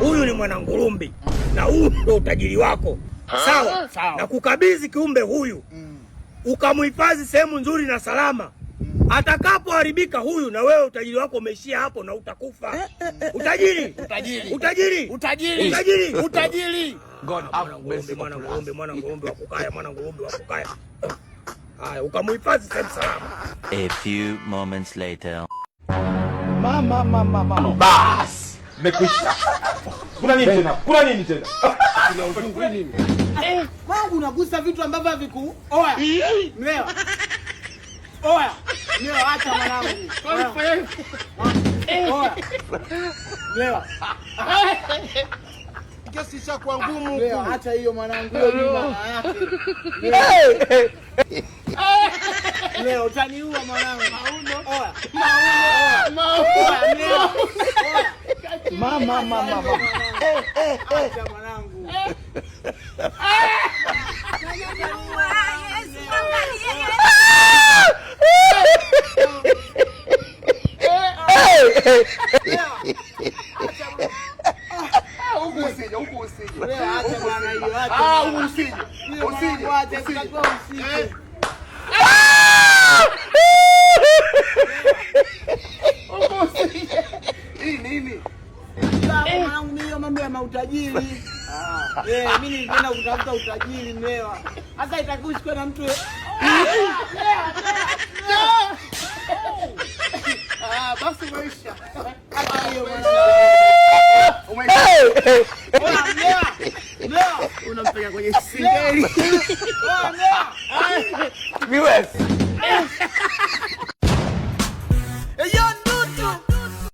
Huyu ni mwanangurumbi na huu ndo utajiri wako sawa, sawa. Na kukabidhi kiumbe huyu mm. ukamhifadhi sehemu nzuri na salama mm. atakapoharibika huyu na wewe utajiri wako umeishia hapo na utakufa. Eh, eh, eh, utajiri, utajiri, utajiri, utajiri, utajiri, utajiri. God ngurumbi wa kukaya, mwana ngurumbi wa kukaya. Haya, ukamhifadhi sehemu salama. A few moments later. Mama, mama, mama. Bas. Mmekwisha. Kuna nini tena? Kuna nini tena? Eh, wangu unagusa vitu ambavyo haviku. Oya. Mlewa. Oya. Mlewa acha mwanangu. Oya. Mlewa. Kesi cha kwa ngumu. Mlewa acha hiyo mwanangu hiyo nyuma yake. Mlewa utaniua mwanangu. Mauno. Oya. Mauno. Mauno mama mama mama, eh eh eh, mwanangu eh. Eh. Eh, Hii nini? Eh. mwanangu, hiyo mambo ya mautajiri eh, mi nilikwenda kutafuta utajiri mewa, hasa itakiwa usikwe na mtu ah, basi maisha unampeleka kwenye singeli